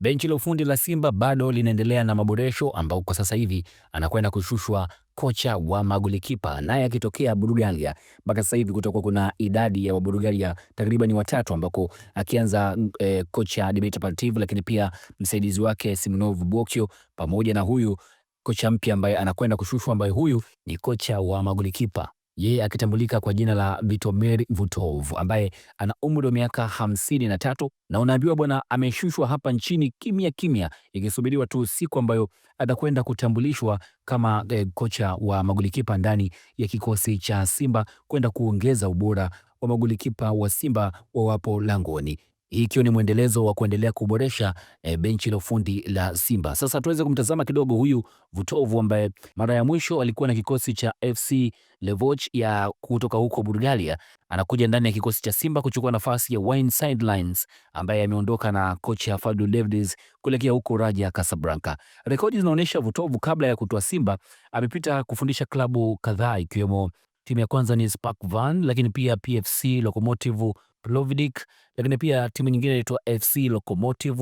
Benchi la ufundi la Simba bado linaendelea na maboresho, ambao kwa sasa hivi anakwenda kushushwa kocha wa magolikipa naye akitokea Bulgaria. Mpaka sasa hivi kutakuwa kuna idadi ya Wabulgaria takriban watatu, ambako akianza e, kocha Dimitar Pantev, lakini pia msaidizi wake Simonov Bokio pamoja na huyu kocha mpya ambaye anakwenda kushushwa, ambaye huyu ni kocha wa magolikipa yeye akitambulika kwa jina la Vitomir Vutov ambaye ana umri wa miaka hamsini na tatu na unaambiwa bwana, ameshushwa hapa nchini kimya kimya, ikisubiriwa tu siku ambayo atakwenda kutambulishwa kama eh, kocha wa magulikipa ndani ya kikosi cha Simba kwenda kuongeza ubora wa magulikipa wa Simba wawapo langoni hii ikiwa ni mwendelezo wa kuendelea kuboresha e, benchi la ufundi la Simba. Sasa tuweze kumtazama kidogo huyu Vutovu ambaye mara ya mwisho alikuwa na kikosi cha FC Levoch ya kutoka huko Bulgaria, anakuja ndani ya kikosi cha Simba kuchukua nafasi ya Wayne Sidelines ambaye ameondoka na kocha Fadlu Davids kuelekea huko Raja Casablanca. Rekodi zinaonyesha Vutovu kabla ya kutoa Simba amepita kufundisha klabu kadhaa ikiwemo timu ya kwanza ni Spark Van, lakini pia PFC Lokomotiv Plovdiv, lakini pia timu nyingine inaitwa FC Lokomotiv.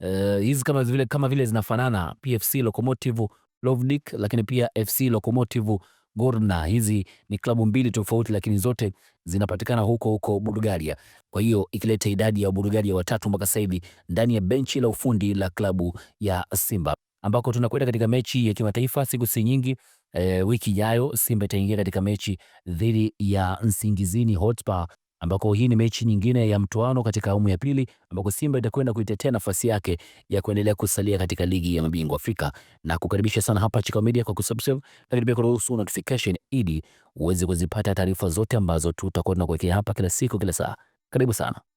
Eh, hizi kama vile kama vile zinafanana PFC Lokomotiv Plovdiv, lakini pia FC Lokomotiv Gorna. Hizi ni klabu mbili tofauti, lakini zote zinapatikana huko huko Bulgaria. Kwa hiyo ikileta idadi ya Bulgaria watatu mpaka sasa hivi ndani ya benchi la ufundi la klabu ya Simba, ambako tunakwenda katika mechi ya kimataifa siku si nyingi. E, wiki ijayo Simba itaingia katika mechi dhidi ya Nsingizini Hotspur ambako hii ni mechi nyingine ya mtoano katika awamu ya pili ambako Simba itakwenda kuitetea nafasi yake ya kuendelea kusalia katika ligi ya mabingwa Afrika, na kukaribisha sana hapa Chicago Media kwa kusubscribe, lakini pia kuruhusu notification ili uweze kuzipata taarifa zote ambazo tutakuwa tunakuwekea hapa kila siku, kila saa. Karibu sana.